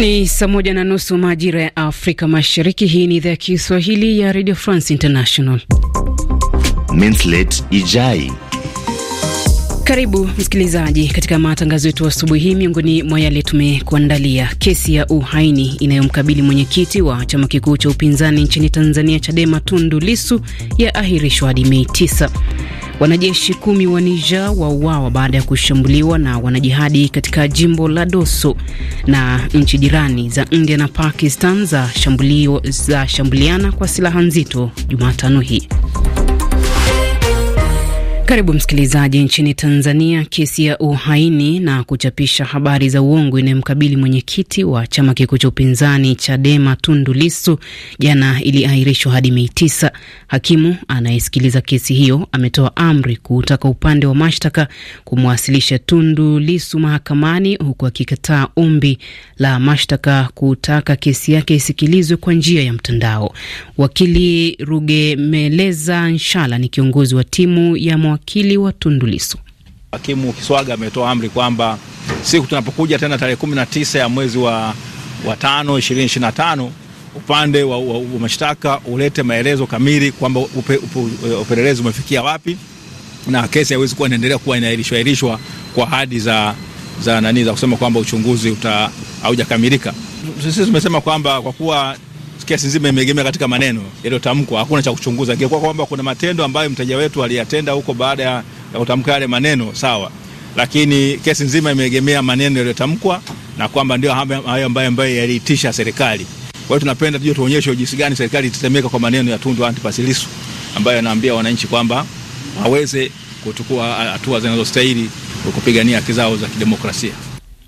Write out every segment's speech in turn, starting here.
Ni saa moja na nusu majira ya Afrika Mashariki. Hii ni idhaa ya Kiswahili ya Radio France International. Mintlet Ijai. Karibu msikilizaji, katika matangazo yetu asubuhi hii. Miongoni mwa yale tumekuandalia: kesi ya uhaini inayomkabili mwenyekiti wa chama kikuu cha upinzani nchini Tanzania, Chadema, Tundu Lisu, ya ahirishwa hadi Mei 9. Wanajeshi kumi wa Niger wauawa baada ya kushambuliwa na wanajihadi katika jimbo la Doso, na nchi jirani za India na Pakistan za, za shambuliana kwa silaha nzito Jumatano hii. Karibu msikilizaji. Nchini Tanzania, kesi ya uhaini na kuchapisha habari za uongo inayomkabili mwenyekiti wa chama kikuu cha upinzani Chadema Tundu Lissu jana iliahirishwa hadi Mei tisa. Hakimu anayesikiliza kesi hiyo ametoa amri kuutaka upande wa mashtaka kumwasilisha Tundu Lissu mahakamani, huku akikataa ombi la mashtaka kutaka kesi yake isikilizwe kwa njia ya mtandao. Wakili Rugemeleza Nshala ni kiongozi wa timu ya mawakili wa Tundulisu. Hakimu Kiswaga ametoa amri kwamba siku tunapokuja tena tarehe kumi na tisa ya mwezi wa, wa tano ishirini ishirini na tano upande wa, wa, wa mashtaka ulete maelezo kamili kwamba upelelezi umefikia wapi, na kesi haiwezi kuwa inaendelea kuwa inaahirishwa ahirishwa kwa ahadi za, za nani za kusema kwamba uchunguzi haujakamilika. Sisi tumesema kwamba kwa kuwa kesi nzima imeegemea katika maneno yaliyotamkwa, hakuna cha kuchunguza. Ingekuwa kwamba kuna matendo ambayo mteja wetu aliyatenda huko baada ya kutamka yale maneno, sawa, lakini kesi nzima imeegemea maneno yaliyotamkwa na kwamba ndio hayo ambayo ambayo yaliitisha serikali. Kwa hiyo tunapenda tujue, tuonyeshe jinsi gani serikali itetemeka kwa maneno ya Tundu Antipas Lissu ambayo anaambia wananchi kwamba waweze kuchukua hatua zinazostahili kupigania haki zao za kidemokrasia.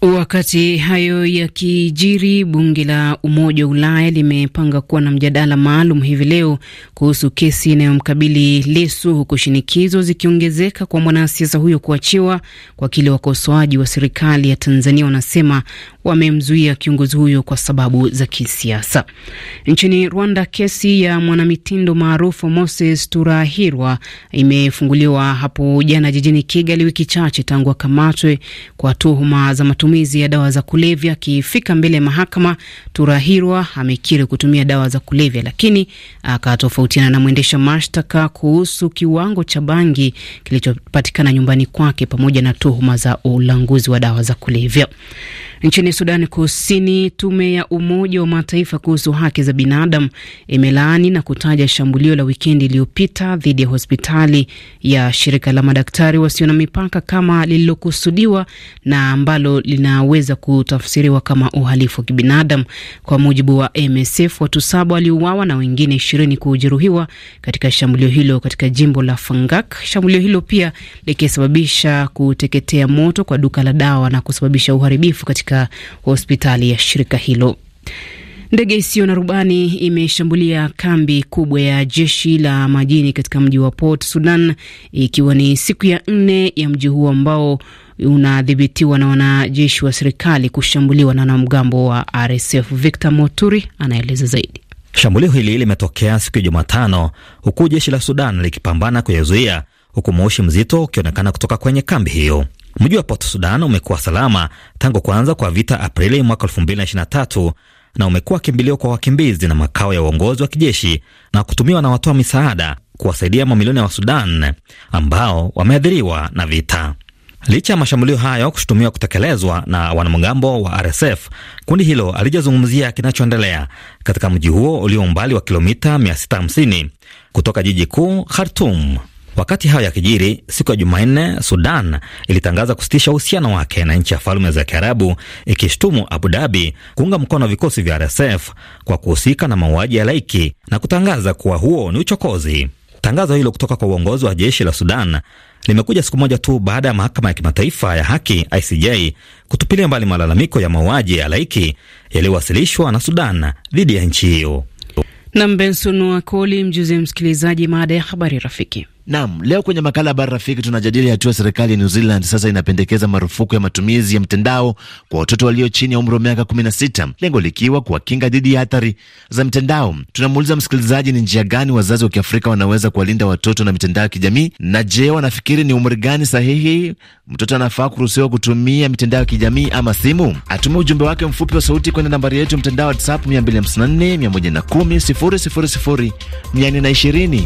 Wakati hayo yakijiri, bunge la Umoja wa Ulaya limepanga kuwa na mjadala maalum hivi leo kuhusu kesi inayomkabili lesu huku shinikizo zikiongezeka kwa mwanasiasa huyo kuachiwa kwa kile wakosoaji wa serikali ya Tanzania wanasema wamemzuia kiongozi huyo kwa sababu za kisiasa. Nchini Rwanda, kesi ya mwanamitindo maarufu Moses Turahirwa imefunguliwa hapo jana jijini Kigali, wiki chache tangu akamatwe kwa tuhuma za matumizi matumizi ya dawa za kulevya. Akifika mbele ya mahakama, Turahirwa amekiri kutumia dawa za kulevya, lakini akatofautiana na mwendesha mashtaka kuhusu kiwango cha bangi kilichopatikana nyumbani kwake pamoja na tuhuma za ulanguzi wa dawa za kulevya. Nchini Sudani Kusini, tume ya Umoja wa Mataifa kuhusu haki za binadamu imelaani na kutaja shambulio la wikendi iliyopita dhidi ya hospitali ya shirika la madaktari wasio na mipaka kama lililokusudiwa na ambalo linaweza kutafsiriwa kama uhalifu wa kibinadamu. Kwa mujibu wa MSF, watu saba waliuawa na wengine ishirini kujeruhiwa katika shambulio hilo katika jimbo la Fangak, shambulio hilo pia likisababisha kuteketea moto kwa duka la dawa na kusababisha uharibifu katika katika hospitali ya shirika hilo. Ndege isiyo na rubani imeshambulia kambi kubwa ya jeshi la majini katika mji wa Port Sudan, ikiwa ni siku ya nne ya mji huo ambao unadhibitiwa na wanajeshi wa serikali kushambuliwa na wanamgambo wa RSF. Victor Moturi anaeleza zaidi. Shambulio hili limetokea siku ya Jumatano, huku jeshi la Sudan likipambana kuyazuia huku moshi mzito ukionekana kutoka kwenye kambi hiyo. Mji wa Port Sudan umekuwa salama tangu kuanza kwa vita Aprili mwaka 2023 na umekuwa kimbilio kwa wakimbizi na makao ya uongozi wa kijeshi na kutumiwa na watoa misaada kuwasaidia mamilioni ya Wasudan ambao wameathiriwa na vita. Licha ya mashambulio hayo kushutumiwa kutekelezwa na wanamgambo wa RSF, kundi hilo alijazungumzia kinachoendelea katika mji huo ulio umbali wa kilomita 650 kutoka jiji kuu Khartum. Wakati hayo yakijiri, siku ya Jumanne, Sudan ilitangaza kusitisha uhusiano wake na nchi ya Falme za Kiarabu, ikishtumu Abu Dhabi kuunga mkono vikosi vya RSF kwa kuhusika na mauaji ya laiki na kutangaza kuwa huo ni uchokozi. Tangazo hilo kutoka kwa uongozi wa jeshi la Sudan limekuja siku moja tu baada ya mahakama ya kimataifa ya haki ICJ kutupilia mbali malalamiko ya mauaji ya laiki yaliyowasilishwa na Sudan dhidi ya nchi hiyo. Na Benson Wakoli, mjuzi msikilizaji, maada ya habari rafiki nam leo kwenye makala ya Bara Rafiki tunajadili hatua serikali ya New Zealand sasa inapendekeza marufuku ya matumizi ya mtandao kwa watoto walio chini ya umri wa miaka 16, lengo likiwa kuwakinga dhidi ya athari za mtandao. Tunamuuliza msikilizaji, ni njia gani wazazi wa Kiafrika wanaweza kuwalinda watoto na mitandao ya kijamii, na je, wanafikiri ni umri gani sahihi mtoto anafaa kuruhusiwa kutumia mitandao ya kijamii ama simu? Atume ujumbe wake mfupi wa sauti kwenda nambari yetu mtandao WhatsApp 254 110 000 420.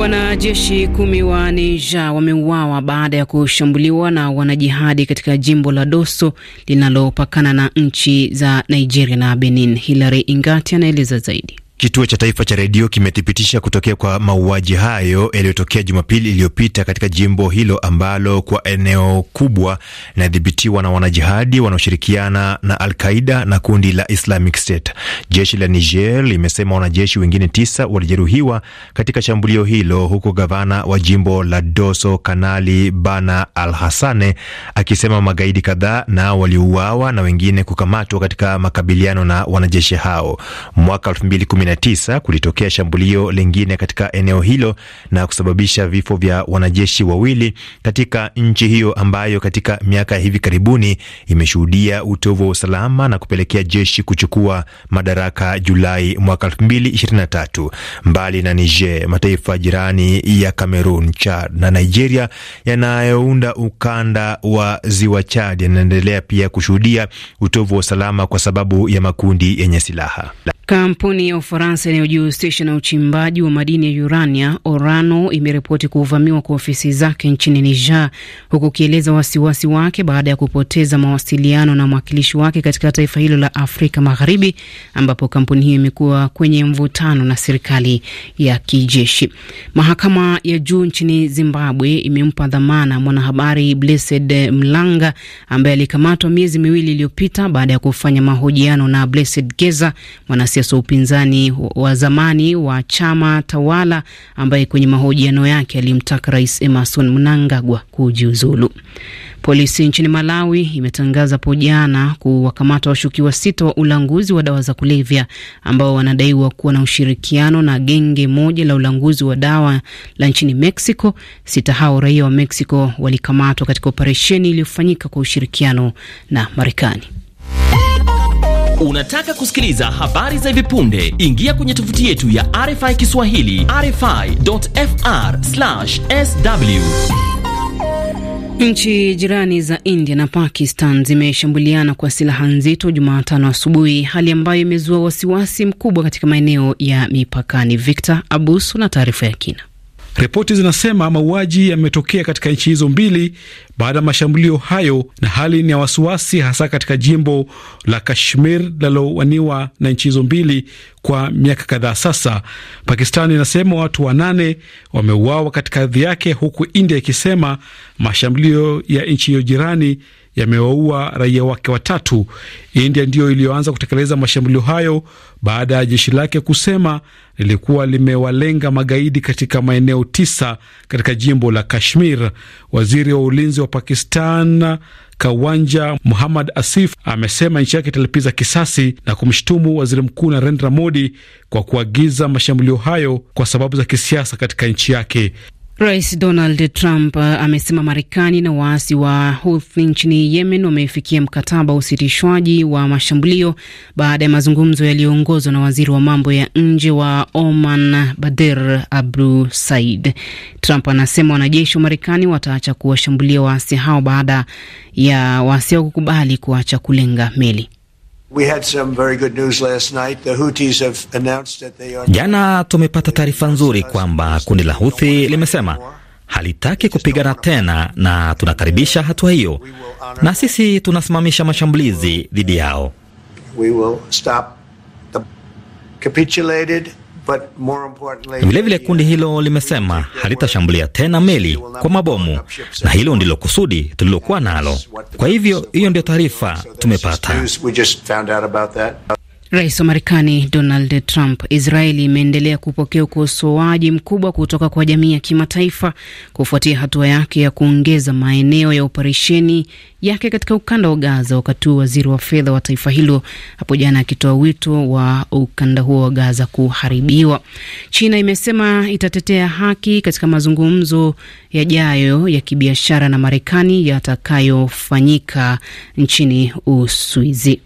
Wanajeshi kumi wa Niger wameuawa baada ya kushambuliwa na wanajihadi katika jimbo la doso linalopakana na nchi za Nigeria na Benin. Hilary Ingati anaeleza zaidi. Kituo cha Taifa cha Redio kimethibitisha kutokea kwa mauaji hayo yaliyotokea Jumapili iliyopita katika jimbo hilo ambalo kwa eneo kubwa linadhibitiwa na wanajihadi wanaoshirikiana na Al-Qaida na kundi la Islamic State. Jeshi la Niger limesema wanajeshi wengine tisa walijeruhiwa katika shambulio hilo, huku gavana wa jimbo la Doso Kanali Bana Al-Hassane akisema magaidi kadhaa nao waliuawa na wengine kukamatwa katika makabiliano na wanajeshi hao mwaka 19 kulitokea shambulio lingine katika eneo hilo na kusababisha vifo vya wanajeshi wawili katika nchi hiyo ambayo katika miaka ya hivi karibuni imeshuhudia utovu wa usalama na kupelekea jeshi kuchukua madaraka Julai mwaka 2023. Mbali na Niger, mataifa jirani ya Cameroon, Chad na Nigeria yanayounda ukanda wa ziwa Chad yanaendelea pia kushuhudia utovu wa usalama kwa sababu ya makundi yenye silaha. Kampuni ya Ufaransa inayojihusisha na uchimbaji wa madini ya urania Orano imeripoti kuvamiwa kwa ofisi zake nchini Niger, huku ukieleza wasiwasi wake baada ya kupoteza mawasiliano na mwakilishi wake katika taifa hilo la Afrika Magharibi, ambapo kampuni hiyo imekuwa kwenye mvutano na serikali ya kijeshi. Mahakama ya juu nchini Zimbabwe imempa dhamana mwanahabari Blessed Mlanga ambaye alikamatwa miezi miwili iliyopita baada ya kufanya mahojiano na Blessed Geza mwanasi mwanasiasa wa upinzani wa zamani wa chama tawala ambaye kwenye mahojiano yake alimtaka Rais Emerson Mnangagwa kujiuzulu. Polisi nchini Malawi imetangaza hapo jana kuwakamata washukiwa sita wa ulanguzi wa dawa za kulevya ambao wanadaiwa kuwa na ushirikiano na genge moja la ulanguzi wa dawa la nchini Mexico. Sita hao raia wa Mexico walikamatwa katika operesheni iliyofanyika kwa ushirikiano na Marekani. Unataka kusikiliza habari za hivi punde? Ingia kwenye tovuti yetu ya RFI Kiswahili, rfi.fr/sw. Nchi jirani za India na Pakistan zimeshambuliana kwa silaha nzito Jumatano asubuhi, hali ambayo imezua wasiwasi mkubwa katika maeneo ya mipakani. Victor abuso na taarifa ya kina. Ripoti zinasema mauaji yametokea katika nchi hizo mbili baada ya mashambulio hayo, na hali ni ya wasiwasi, hasa katika jimbo la Kashmir linalowaniwa na nchi hizo mbili kwa miaka kadhaa sasa. Pakistani inasema watu wanane wameuawa katika ardhi yake, huku India ikisema mashambulio ya nchi hiyo jirani yamewaua raia wake watatu. India ndiyo iliyoanza kutekeleza mashambulio hayo baada ya jeshi lake kusema lilikuwa limewalenga magaidi katika maeneo tisa katika jimbo la Kashmir. Waziri wa ulinzi wa Pakistan Kawanja Muhammad Asif amesema nchi yake italipiza kisasi na kumshutumu waziri mkuu Narendra Modi kwa kuagiza mashambulio hayo kwa sababu za kisiasa katika nchi yake. Rais Donald Trump uh, amesema Marekani na waasi wa Houthi nchini Yemen wamefikia mkataba wa usitishwaji wa mashambulio baada ya mazungumzo yaliyoongozwa na waziri wa mambo ya nje wa Oman Bader Abdu Said. Trump anasema wanajeshi wa Marekani wataacha kuwashambulia waasi hao baada ya waasi hao kukubali kuacha kulenga meli. Jana tumepata taarifa nzuri kwamba kundi la huthi limesema halitaki kupigana tena, na tunakaribisha hatua hiyo, na sisi tunasimamisha mashambulizi dhidi yao. We will stop the capitulated Vilevile vile kundi hilo limesema halitashambulia tena meli kwa mabomu, na hilo ndilo kusudi tulilokuwa nalo. Kwa hivyo hiyo ndio taarifa tumepata. Rais wa Marekani Donald Trump. Israeli imeendelea kupokea ukosoaji mkubwa kutoka kwa jamii ya kimataifa kufuatia hatua yake ya kuongeza maeneo ya operesheni yake katika ukanda wa Gaza, wakati huu waziri wa fedha wa taifa hilo hapo jana akitoa wito wa ukanda huo wa Gaza kuharibiwa. China imesema itatetea haki katika mazungumzo yajayo ya kibiashara na Marekani yatakayofanyika nchini Uswizi.